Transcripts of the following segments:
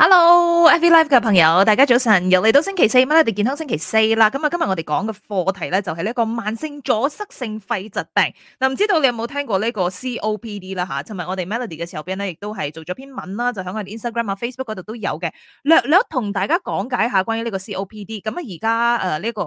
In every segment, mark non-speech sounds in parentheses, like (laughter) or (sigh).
Hello，Every Life 嘅朋友，大家早晨，又嚟到星期四，Melody 健康星期四啦。咁啊，今日我哋講嘅課題咧就係呢個慢性阻塞性肺疾病。嗱，唔知道你有冇聽過呢個 COPD 啦吓。尋日我哋 Melody 嘅小編咧，亦都係做咗篇文啦，就喺我哋 Instagram 啊、Facebook 嗰度都有嘅。略略同大家講解一下關於呢個 COPD。咁啊，而家誒呢個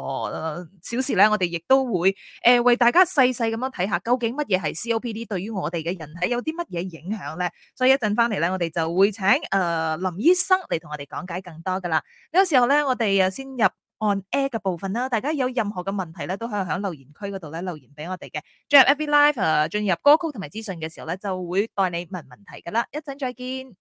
小事咧，我哋亦都會誒為大家細細咁樣睇下，究竟乜嘢係 COPD 對於我哋嘅人體有啲乜嘢影響咧？所以一陣翻嚟咧，我哋就會請誒、呃、林醫生嚟同我哋講解更多噶啦，呢個時候咧，我哋又先入按 A 嘅部分啦。大家有任何嘅問題咧，都可以喺留言區嗰度咧留言俾我哋嘅。進入 Every Live 誒，進入歌曲同埋資訊嘅時候咧，就會代你問問題噶啦。一陣再見。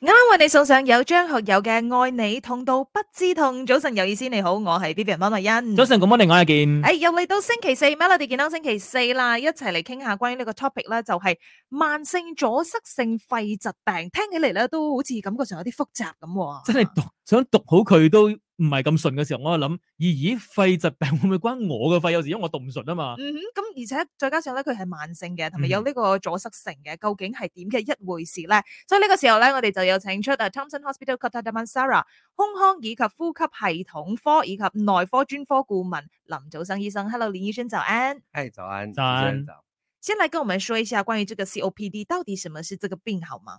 啱啱為你送上有張學友嘅《愛你痛到不知痛》。早晨，有意思，你好，我係 B B 媽咪欣。早晨，咁我另外一件。誒、哎，又嚟到星期四，Melody 健康星期四啦，一齊嚟傾下關於呢個 topic 啦，就係、是、慢性阻塞性肺疾病。聽起嚟咧，都好似感覺上有啲複雜咁、啊。真係讀想讀好佢都。唔係咁順嘅時候，我喺度諗，咦咦，肺疾病會唔會關我嘅肺？有時因為我讀唔順啊嘛。嗯哼，咁而且再加上咧，佢係慢性嘅，同埋有呢個阻塞性嘅，嗯、哼究竟係點嘅一回事咧？所以呢個時候咧，我哋就有請出啊 Thomson Hospital Kota Damansara 胸腔以及呼吸系統科以及內科專科顧問林祖生醫生。Hello，林醫生早安。誒，早安，hey，早晨。先嚟跟我們說一下關於這個 COPD 到底什麼是這個病，好嗎？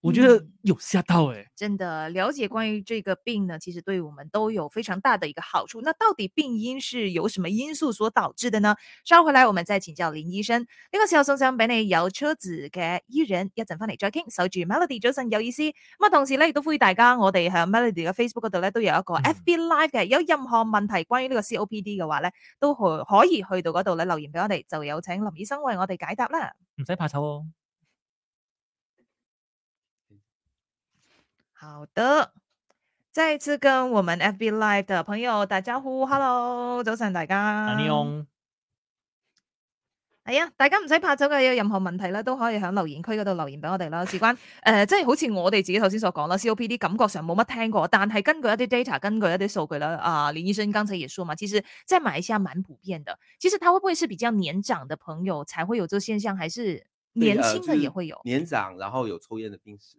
我覺得有吓到誒、嗯，真的了解關於這個病呢，其實對我們都有非常大的一個好處。那到底病因是有什麼因素所導致的呢？稍後回來，我們再請教林醫生。呢、這個時候，送上俾你有車子嘅醫人，一陣返嚟再傾，守住 Melody 早晨有意思。咁啊，同時咧，亦都呼籲大家，我哋喺 Melody 嘅 Facebook 嗰度咧，都有一個 FB Live 嘅。嗯、有任何問題關於呢個 COPD 嘅話咧，都可可以去到嗰度咧留言俾我哋，就有請林醫生為我哋解答啦。唔使怕醜哦。好的，再一次跟我們 FB Live 的朋友打招呼，Hello，早晨大家，安利係啊，大家唔使怕走嘅，有任何問題咧都可以喺留言區嗰度留言俾我哋啦。事關誒，即係、 (laughs) 呃、好似我哋自己頭先所講啦，COPD 感覺上冇乜聽過，但係根據一啲 data，根據一啲數據啦，啊、呃，林醫生剛才也說嘛，其實在馬來西亞蠻普遍的。其實，他會不會是比較年長的朋友才會有這個現象，還是年輕的也會有？啊就是、年長然後有抽煙的病史。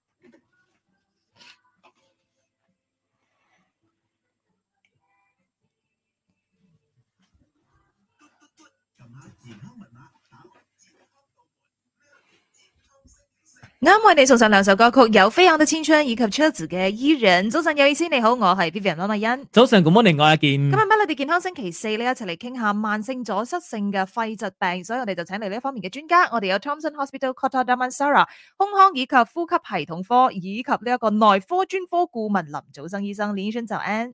啱今為你送上兩首歌曲，有《飛揚的青春》以及《Children》嘅依人。早上有意思，你好，我係 Vivian 羅美欣。早上 good morning，我係阿健。一見今日俾你哋健康星期四你一齊嚟傾下慢性阻塞性嘅肺疾病，所以我哋就請嚟呢一方面嘅專家，我哋有 Thomson Hospital Kota Damansara 胸腔以及呼吸系統科以及呢一個內科專科顧問林祖生醫生，林醫生就安。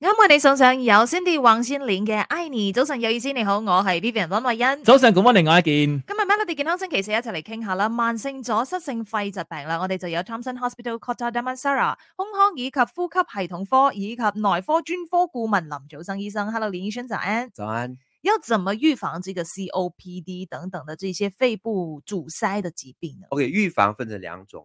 我今日為你送上有先啲黃先連嘅 Irene，早晨有意思，你好，我係 Vivian 溫慧欣。早晨，感另外一件。今日 Melody，我哋健康星期四一齊嚟傾下啦，慢性阻塞性肺疾病啦，我哋就有 Thomson Hospital Kota Damansara 胸腔以及呼吸系統科以及內科專科顧問林祖生醫生。Hello，林醫生，早安。早安。要怎麼預防呢個 COPD 等等的這些肺部阻塞的疾病呢？OK，預防分成兩種。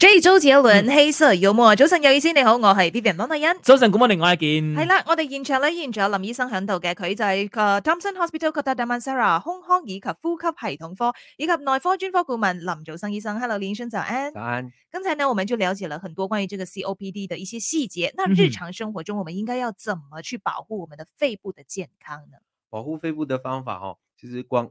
Jay 周杰倫黑色幽默早晨有醫生你好，我係 Vivian 羅麗欣。早晨，咁多另外一件。係啦，我哋現場咧依然仲有林醫生響度嘅，佢就係 Thomson Hospital Kota Damansara 胸腔以及呼吸系統科以及內科專科顧問林祖生醫生。Hello，林醫生，早安。早安。剛才呢，我們就了解了很多關於這個 COPD 的一些細節。那日常生活中，我們應該要怎麼去保護我們的肺部的健康呢？嗯、保護肺部的方法，哦，其實光。